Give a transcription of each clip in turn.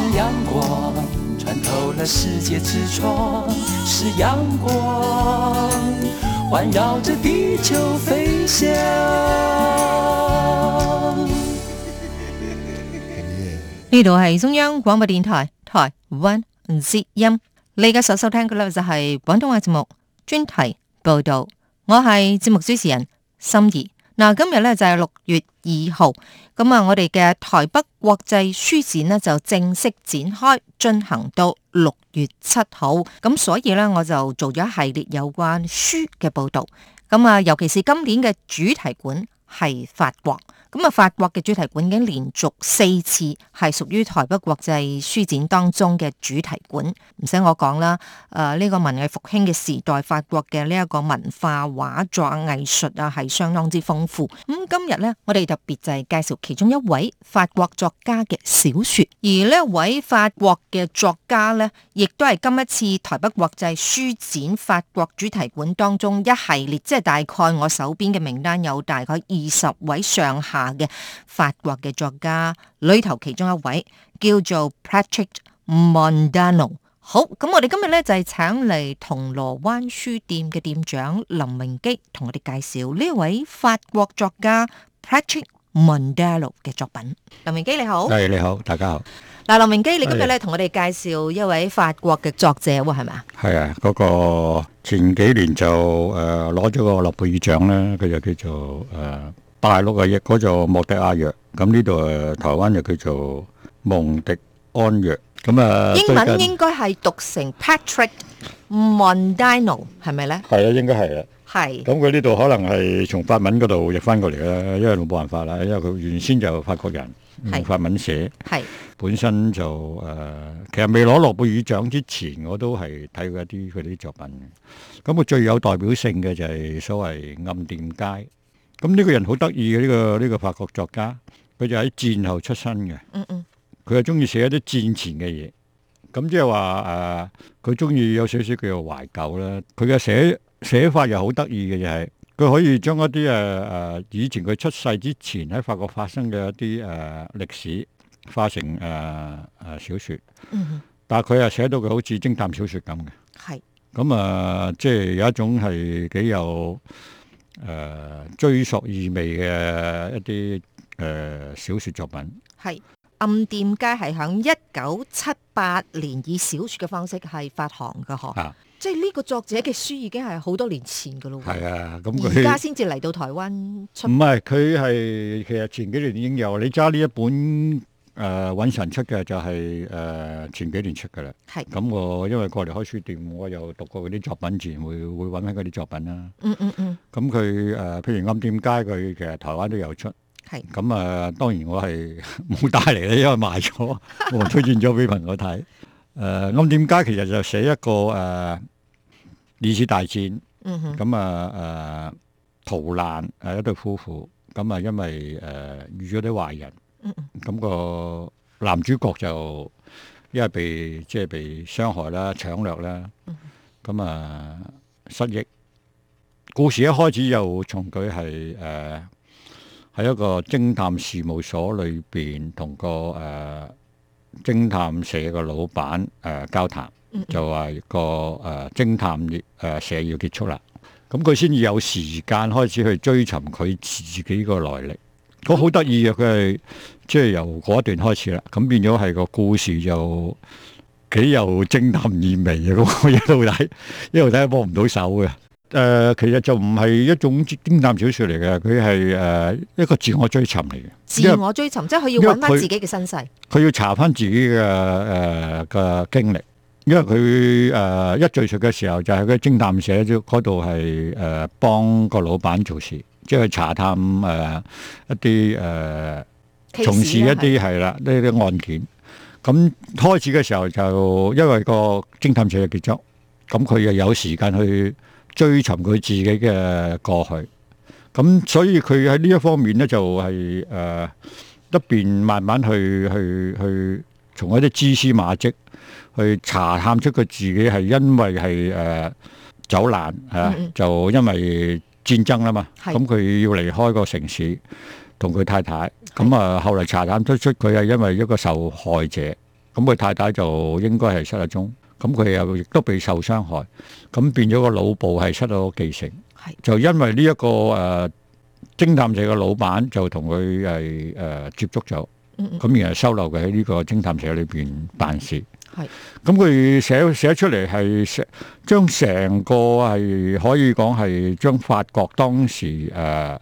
是陽光穿透了世界之窗，是陽光環繞着地球飛翔。呢度係中央廣播電台台灣之音，你嘅所收聽嘅咧就係廣東話節目專題報道，我係節目主持人心儀。嗱，今日咧就係六月二號，咁啊，我哋嘅台北國際書展呢，就正式展開，進行到六月七號，咁所以咧我就做咗一系列有關書嘅報道，咁啊，尤其是今年嘅主題館係法國。咁啊，法國嘅主題館已經連續四次係屬於台北國際書展當中嘅主題館，唔使我講啦。誒、呃、呢、這個文藝復興嘅時代，法國嘅呢一個文化畫作藝術啊，係相當之豐富。咁、嗯、今日咧，我哋特別就係介紹其中一位法國作家嘅小說，而呢一位法國嘅作家咧，亦都係今一次台北國際書展法國主題館當中一系列，即、就、係、是、大概我手邊嘅名單有大概二十位上下。嘅法國嘅作家裏頭其中一位叫做 Patrick Modiano。好，咁我哋今日咧就係請嚟銅鑼灣書店嘅店長林榮基，同我哋介紹呢位法國作家 Patrick Modiano 嘅作品。林榮基你好，誒你好，大家好。嗱，林榮基，你今日咧同我哋介紹一位法國嘅作者係咪？係啊，嗰個前幾年就誒攞咗個諾貝爾獎啦，佢就叫做誒。大陸啊，譯嗰做莫迪亞諾，咁呢度啊，台灣又叫做蒙迪安諾，咁啊，英文近應該係讀成 Patrick Modiano，係咪咧？係啊，應該係啊。係是。咁佢呢度可能係從法文嗰度譯翻過嚟啦，因為冇辦法啦，因為佢原先就法國人，用是、嗯、法文寫，係是本身就誒、呃，其實未攞諾貝爾獎之前，我都係睇過一啲佢啲作品。咁佢最有代表性嘅就係所謂暗店街。咁呢個人好得意嘅，呢個呢個法國作家，佢就喺戰後出身嘅，嗯嗯，佢係中意寫一啲戰前嘅嘢，咁即係話誒，佢中意有少少叫做懷舊啦。佢嘅寫寫法又好得意嘅，就係佢可以將一啲誒誒以前佢出世之前喺法國發生嘅一啲誒、呃、歷史，化成誒誒、呃、小說。嗯、哼但係佢又寫到佢好似偵探小說咁嘅，係是，咁啊、呃，即係有一種係幾有。誒追索意味嘅一啲誒、呃、小説作品，係《暗店街》係響一九七八年以小説嘅方式係發行嘅，呵、啊，即係呢個作者嘅書已經係好多年前嘅咯。係啊，咁而家先至嚟到台灣出。唔係，佢係其實前幾年已經有。你揸呢一本？誒，搵、呃、神出嘅就係、是、誒、呃、前幾年出嘅啦。係是，咁我因為過嚟開書店，我又讀過佢啲作品，自然會會揾翻佢啲作品啦、啊嗯。嗯嗯嗯。咁佢誒，譬如《暗店街》，佢其實台灣都有出。係是。咁啊、呃，當然我係冇帶嚟啦，因為賣咗， 我推薦咗俾朋友睇。誒， 呃《暗店街》其實就寫一個誒二次大戰，咁啊誒逃難誒一對夫婦，咁啊因為誒、呃、遇咗啲壞人。咁個男主角就因為被即係、就是、被傷害啦、搶掠啦，咁啊失憶。故事一開始又從佢係誒喺一個偵探事務所裏邊同個誒偵、呃、探社嘅老闆誒、呃、交談，就話、個誒偵、呃、探誒社要結束啦。咁佢先至有時間開始去追尋佢自己個來歷。我好得意啊！佢係即係由嗰一段開始啦，咁變咗係個故事就幾有偵探意味嘅。嗰個一路睇一路睇，播唔到手嘅。誒、呃，其實就唔係一種偵探小說嚟嘅，佢係誒一個自我追尋嚟嘅。自我追尋即係佢要揾翻自己嘅身世，佢要查翻自己嘅誒嘅經歷。因為佢誒、呃、一敘述嘅時候就喺、是、個偵探社嗰度係誒幫個老闆做事。即係查探誒一啲誒，從事一啲係啦呢啲案件。咁開始嘅時候就因為個偵探社嘅結束，咁佢又有時間去追尋佢自己嘅過去。咁所以佢喺呢一方面咧就係誒一邊慢慢去去去從一啲蛛絲馬跡去查探出佢自己係因為係誒走難吓，就因為。戰爭啦嘛，咁佢是要離開個城市同佢太太咁啊。是後嚟查探推出佢係因為一個受害者，咁佢太太就應該係失咗蹤，咁佢又亦都被受傷害，咁變咗個腦部係失咗記性，是就因為呢、這、一個誒，偵、呃、探社嘅老闆就同佢係誒接觸咗，咁、嗯嗯、然後收留佢喺呢個偵探社裏邊辦事。嗯。係，咁佢寫寫出嚟係成將成個係可以講係將法國當時誒、呃、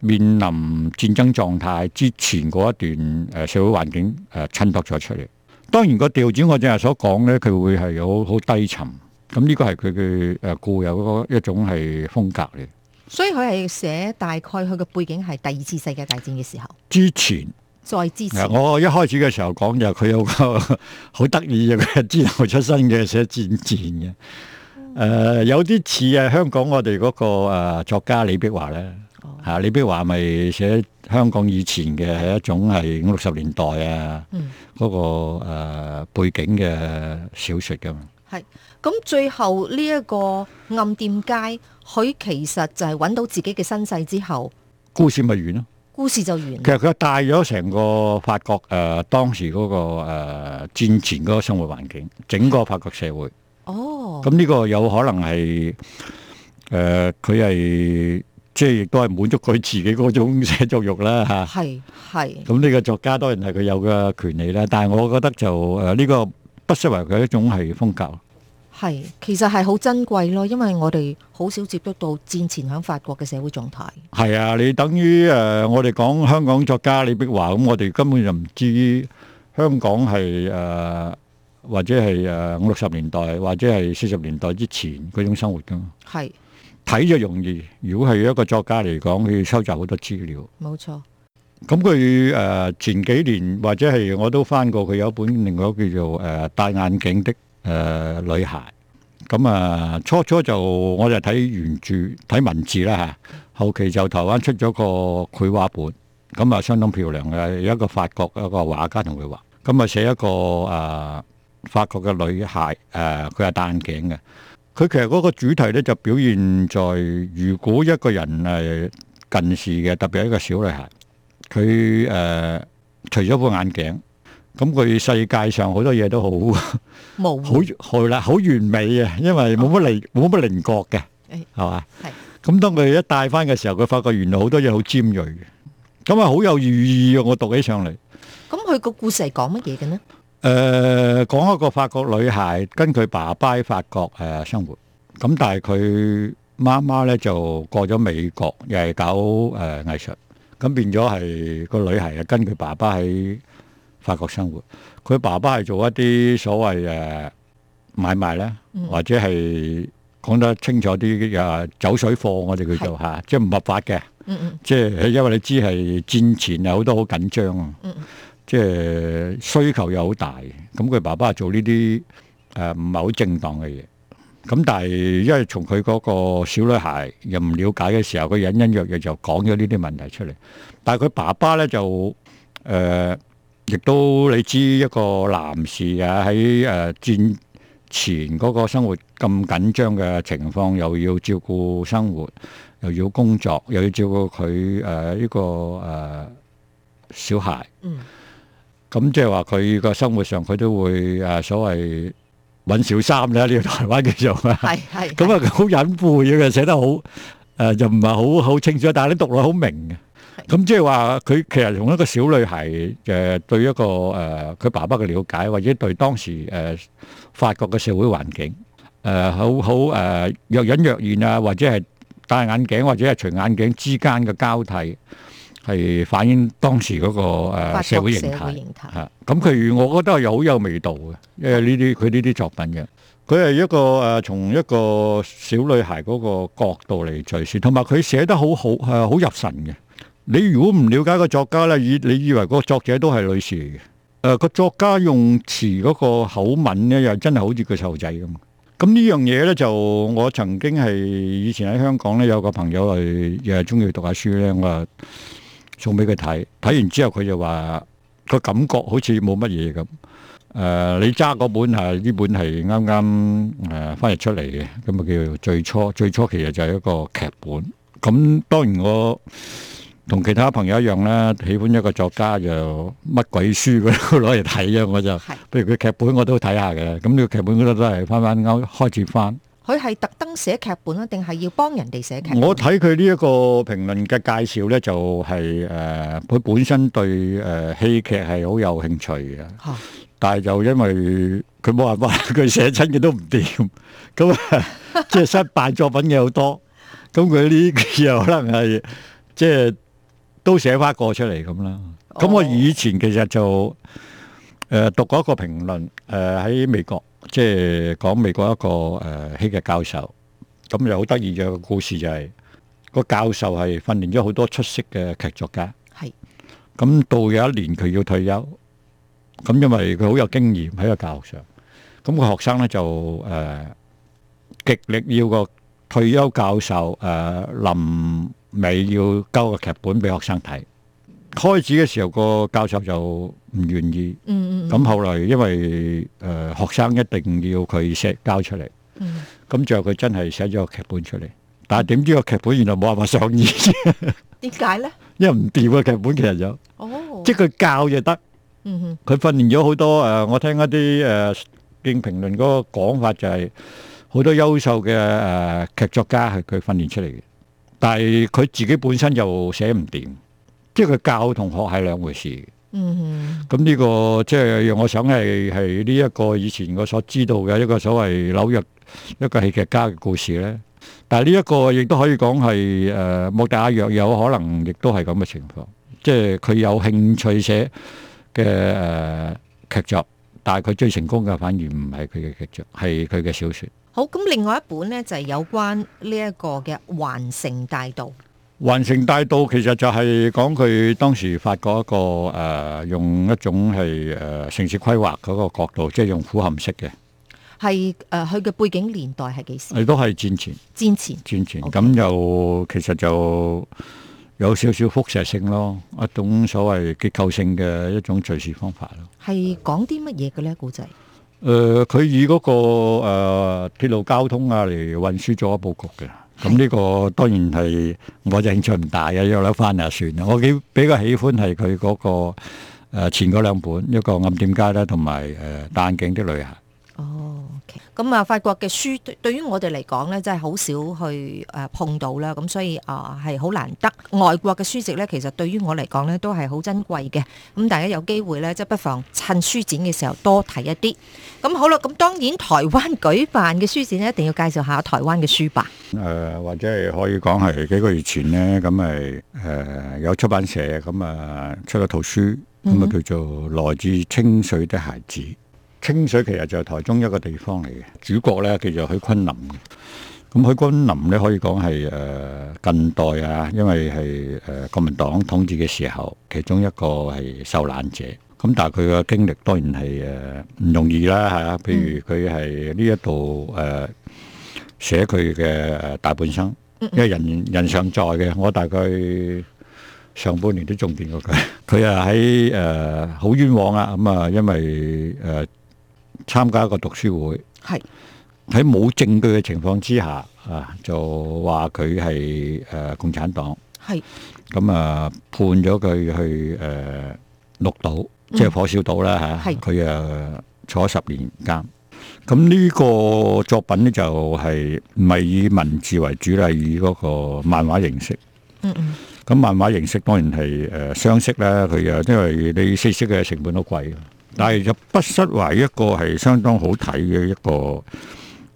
面臨戰爭狀態之前嗰一段誒社會環境誒襯、呃、托咗出嚟，當然個調轉我正係所講咧，佢會係好好低沉。咁、嗯、呢、這個係佢嘅誒固有嗰一種係風格，所以佢係寫大概佢嘅背景係第二次世界大戰嘅時候之前。再之前。我一開始嘅時候講就佢有個好得意嘅，之後出生嘅寫戰戰嘅，誒、嗯呃、有啲似啊香港我哋嗰、那個、啊、作家李碧華咧嚇，哦、李碧華咪寫香港以前嘅一種係五六十年代啊嗰、嗯那個、呃、背景嘅小説噶嘛。係咁，最後呢一個暗店街，佢其實就係揾到自己嘅身世之後，故事咪完咯。故事就完了。其實佢帶咗成個法國誒、呃，當時嗰、嗰個誒、呃、戰前嗰個生活環境，整個法國社會。哦。咁呢個有可能係誒，佢、呃、係即係亦都係滿足佢自己嗰種寫作欲啦吓。係係。咁呢個作家當然係佢有嘅權利啦，但係我覺得就誒呢、呃呢個不失為佢一種係風格。係，其實係好珍貴咯，因為我哋好少接觸到戰前喺法國嘅社會狀態。係啊，你等於誒我哋講香港作家李碧華咁，我哋根本就唔知香港係誒或者係誒五六十年代或者係四十年代之前嗰種生活噶。係睇就容易，如果係一個作家嚟講，佢要收集好多資料。冇錯。咁佢誒前幾年或者係我都翻過，佢有本另外叫做誒戴眼鏡的誒、呃，女孩，咁、嗯、啊，初初就我就睇原著睇文字啦吓、啊，後期就台灣出咗個繪畫本，咁、嗯、啊相當漂亮嘅，有一個法國一個畫家同佢畫，咁啊寫一個誒、呃、法國嘅女孩，誒佢係戴眼鏡嘅，佢其實嗰個主題咧就表現在如果一個人係近視嘅，特別係一個小女孩，佢誒除咗副眼鏡。咁佢世界上好多嘢都好冇好去啦，好完美嘅，因為冇乜鄰冇乜稜角嘅係嘛。咁當佢一帶翻嘅時候，佢發覺原來好多嘢好尖銳嘅，咁啊好有寓意啊！我讀起上嚟，咁佢個故事係講乜嘢嘅呢？誒，講一個法國女孩跟佢爸爸喺法國誒生活，咁但係佢媽媽咧就過咗美國，又係搞誒藝術，咁變咗係個女孩啊，跟佢爸爸喺。法國生活，佢爸爸係做一啲所謂誒、呃、買賣咧，嗯、或者係講得清楚啲啊，走水貨我哋叫做吓，是即係唔合法嘅。嗯、即係因為你知係戰前有好多好緊張啊。嗯、即係需求又好大，咁佢爸爸係做呢啲誒唔係好正當嘅嘢。咁但係因為從佢嗰個小女孩又唔了解嘅時候，佢隱隱約約就講咗呢啲問題出嚟。但係佢爸爸咧就誒。呃亦都你知一個男士啊喺誒戰前嗰個生活咁緊張嘅情況，又要照顧生活，又要工作，又要照顧佢誒呢個誒小孩。嗯，咁即係話佢個生活上佢都會誒所謂搵小三咧，呢個台灣叫做啊，係係。咁啊，佢好隱晦嘅，寫得好誒，就唔係好好清楚，但係你讀落好明嘅。咁即係話佢其實同一個小女孩嘅，對一個誒佢、呃、爸爸嘅了解，或者對當時誒、呃、法國嘅社會環境誒好好誒若隱若現啊，或者係戴眼鏡或者係除眼鏡之間嘅交替，係反映當時嗰、那個誒、呃、社會形態吓。咁佢我覺得又好有味道嘅，因為呢啲佢呢啲作品嘅佢係一個誒從、呃、一個小女孩嗰個角度嚟敘說，同埋佢寫得很好好好、呃、入神嘅。你如果唔了解個作家呢，以你以為個作者都係女士嚟嘅。誒、呃，個作家用詞嗰個口吻呢，又真係好似個細路仔咁。咁呢樣嘢呢，就我曾經係以前喺香港呢，有個朋友係又係中意讀下書呢。我送俾佢睇。睇完之後佢就話個感覺好似冇乜嘢咁。誒、呃，你揸嗰本係呢本係啱啱誒翻譯出嚟嘅，咁啊叫做最初，最初其實就係一個劇本。咁當然我。同其他朋友一樣啦，喜歡一個作家就乜鬼書都攞嚟睇啊！我就，譬如佢劇本我都睇下嘅。咁呢個劇本嗰度都係翻翻啱，開始翻。佢係特登寫劇本啊，定係要幫人哋寫劇本？我睇佢呢一個評論嘅介紹咧，就係誒，佢本身對誒戲劇係好有興趣嘅。嚇！但係就因為佢冇辦法，佢寫親嘅都唔掂，咁啊，即係失敗作品嘅好多。咁佢呢又可能係即係。都寫翻個出嚟咁啦。咁我以前其實就誒，讀過一個評論，誒喺美國，即係講美國一個誒戲劇嘅教授，咁又好得意嘅故事就係，個教授係訓練咗好多出色嘅劇作家。係咁到有一年佢要退休，咁因為佢好有經驗喺個教學上，咁個學生呢就誒極力要個退休教授誒林。未要交個劇本俾學生睇，開始嘅時候個教授就唔願意，嗯嗯，咁後來因為誒學生一定要佢寫交出嚟，嗯，咁最後佢真係寫咗個劇本出嚟，但係點知個劇本原來冇辦法上演，點解呢？因為唔掂個劇本其實就，哦，即係佢教就得，嗯哼，佢訓練咗好多誒，我聽一啲誒影評論嗰個講法就係，好多優秀嘅誒劇作家係佢訓練出嚟嘅。但係佢自己本身就寫唔掂，即係佢教同學係兩回事。嗯，咁呢個即係我想係係呢一個以前我所知道嘅一個所謂紐約一個戲劇家嘅故事呢。但係呢一個亦都可以講係誒莫迪亞諾有可能亦都係咁嘅情況，即係佢有興趣寫嘅誒劇作。但係佢最成功嘅反而唔係佢嘅劇作，係佢嘅小說。好咁，咁另外一本呢，就係、是、有關呢一個嘅環城大道。環城大道其實就係講佢當時發過一個誒、呃，用一種係誒、呃、城市規劃嗰個角度，即係用俯瞰式嘅係誒。佢嘅、呃、背景年代係幾時？係都係戰前。戰前，戰前咁又 Okay. 其實就。有少少輻射性咯，一種所謂結構性嘅一種敘事方法咯。係講啲乜嘢嘅咧？古仔、呃？誒、那個，佢以嗰個誒鐵路交通啊嚟運輸咗布局嘅。咁、嗯、呢、這個當然係我的興趣唔大嘅，有得翻又算啦。我幾比較喜歡係佢嗰個誒、呃、前嗰兩本，一個暗店街啦、啊，同埋誒戴眼鏡的女孩。咁啊，法國嘅書對於我哋嚟講咧，真係好少去碰到啦。咁所以啊，係、呃、好難得。外國嘅書籍咧，其實對於我嚟講咧，都係好珍貴嘅。咁大家有機會咧，即係不妨趁書展嘅時候多睇一啲。咁好啦，咁當然台灣舉辦嘅書展呢一定要介紹下台灣嘅書吧。呃、或者係可以講係幾個月前呢，咁係、呃、有出版社咁啊出咗套書，咁啊叫做來自清水的孩子。清水其實就係台中一個地方嚟嘅，主角咧叫做許昆林。咁許昆林咧可以講係誒近代啊，因為係誒國民黨統治嘅時候，其中一個係受難者。咁但係佢嘅經歷當然係誒唔容易啦，係啊。譬如佢係呢一度誒寫佢嘅大半生，因為人人尚在嘅。我大概上半年都仲見過佢，佢啊喺誒好冤枉啊咁啊，因為誒。參加一個讀書會，係喺冇證據嘅情況之下啊，就話佢係誒共產黨，係咁啊判咗佢去誒綠島，即係火燒島啦吓，佢啊坐十年監。咁呢個作品咧就係唔係以文字為主，係以嗰個漫畫形式。嗯嗯。咁漫畫形式當然係誒雙色啦，佢啊因為你四色嘅成本都貴。但係就不失為一個係相當好睇嘅一個誒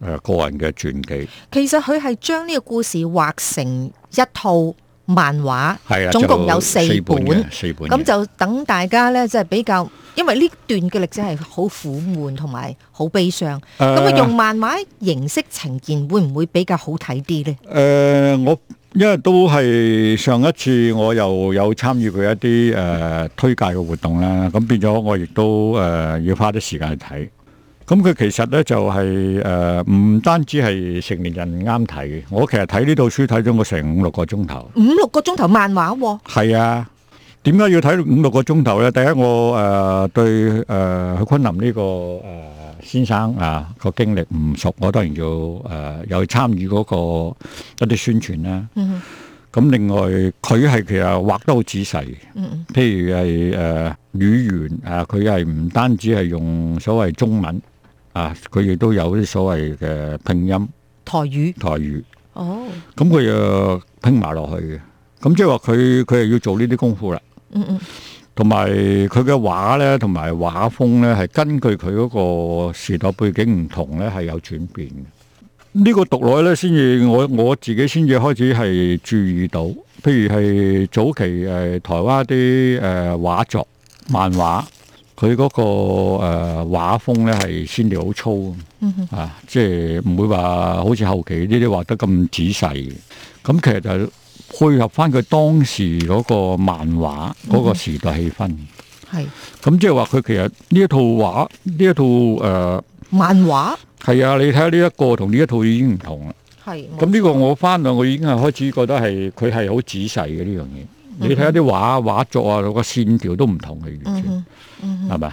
個，個人嘅傳記。其實佢係將呢個故事畫成一套。漫畫、啊、總共有四本，咁就等大家咧，即、就、係、即係、比較，因為呢段嘅歷史係好苦悶同埋好悲傷，咁啊、呃、用漫畫形式呈現，會唔會比較好睇啲咧？誒、呃，我因為都係上一次我又有參與過一啲誒、呃、推介嘅活動啦，咁變咗我亦都誒、呃、要花啲時間去睇。咁佢其實咧就係誒唔單止係成年人啱睇嘅，我其實睇呢套書睇咗我成五六個鐘頭，五六個鐘頭漫畫喎。係啊，點解要睇五六個鐘頭咧？第一，我誒對誒去昆林呢個誒先生啊個經歷唔熟，我當然要誒又參與嗰個一啲宣傳啦。嗯哼。咁另外佢係其實畫得好仔細，嗯嗯。譬如係誒語言啊，佢係唔單止係用所謂中文。啊！佢亦都有啲所謂嘅拼音，台語，台語，哦，咁佢又拼埋落去嘅，咁即係話佢佢係要做呢啲功夫啦，嗯嗯，同埋佢嘅畫咧，同埋畫風咧，係根據佢嗰個時代背景唔同咧，係有轉變嘅。呢、這個讀落去咧，先至我我自己先至開始係注意到，譬如係早期誒台灣啲誒畫作漫畫。佢嗰、嗰個誒畫、呃、風咧係先至好粗、mm hmm. 啊，即係唔會話好似後期呢啲畫得咁仔細。咁其實就配合翻佢當時嗰個漫畫嗰個時代氣氛。係咁、mm hmm. 即係話佢其實呢一套畫呢一套誒、呃、漫畫係啊，你睇下呢一個同呢一套已經唔同啦。係咁呢個我翻嚟我已經係開始覺得係佢係好仔細嘅呢樣嘢。這個你睇下啲畫畫作啊，個線條都唔同嘅，完全係咪？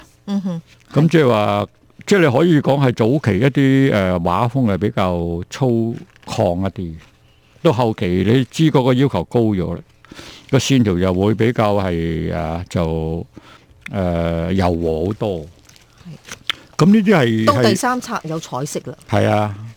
咁即係話，即係你可以講係早期一啲誒畫風係比較粗獷一啲，到後期你知嗰個要求高咗啦，個線條又會比較係誒、呃、就誒、呃、柔和好多。咁呢啲係都第三冊有彩色啦。係啊。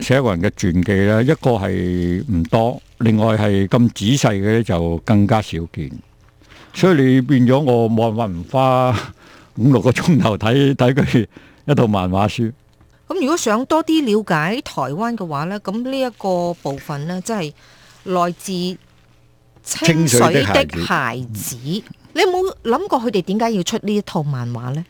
寫一個人嘅傳記咧，一個係唔多，另外係咁仔細嘅咧就更加少見，所以你變咗我冇辦法唔花五六個鐘頭睇睇佢一套漫畫書。咁如果想多啲了解台灣嘅話咧，咁呢一個部分咧，即係來自清水的孩子，孩子嗯，你有冇諗過佢哋點解要出呢一套漫畫咧？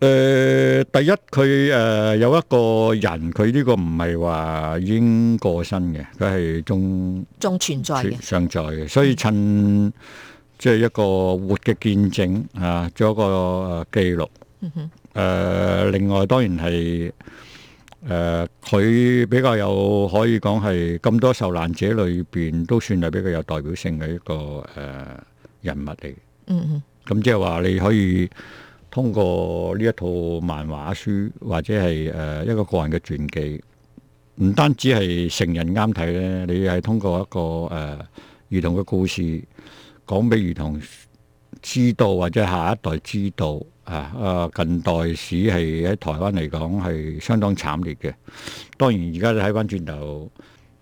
誒、呃，第一佢，誒、呃、有一個人，佢呢個唔係話已經過身嘅，佢係仲仲存在嘅，尚在嘅，所以趁即係、嗯、一個活嘅見證啊，做一個記錄。誒、呃，另外當然係誒，佢、呃、比較有可以講係咁多受難者裏邊都算係比較有代表性嘅一個誒、呃、人物嚟。嗯嗯。咁即係話你可以。通過呢一套漫畫書或者係誒一個個人嘅傳記，唔單止係成人啱睇咧，你係通過一個誒、呃、兒童嘅故事講俾兒童知道或者下一代知道啊啊近代史係喺台灣嚟講係相當慘烈嘅。當然而家你睇翻轉頭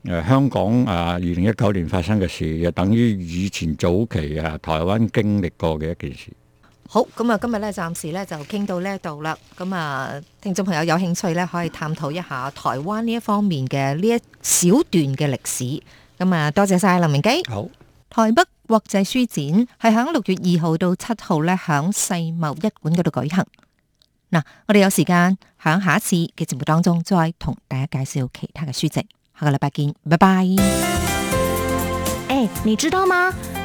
誒香港啊二零一九年發生嘅事，就等於以前早期啊台灣經歷過嘅一件事。好，咁啊，今日咧暫時咧就傾到呢一度啦。咁啊，聽眾朋友有興趣咧，可以探討一下台灣呢一方面嘅呢一小段嘅歷史。咁啊，多謝晒林榮基。好，台北國際書展係喺六月二號到七號咧，響世貿一館嗰度舉行。嗱，我哋有時間響下一次嘅節目當中，再同大家介紹其他嘅書籍。下個禮拜見，拜拜。誒、哎，你知道嗎？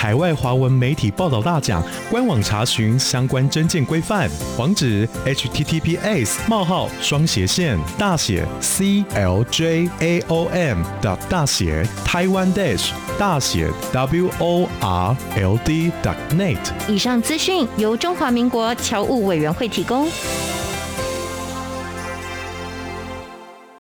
海外華文媒體報道大獎官網查詢相關徵件規範網址：https://cljao.mw.tw/world.net 冒號，雙斜線，大寫。以上資訊由中華民國僑務委員會提供。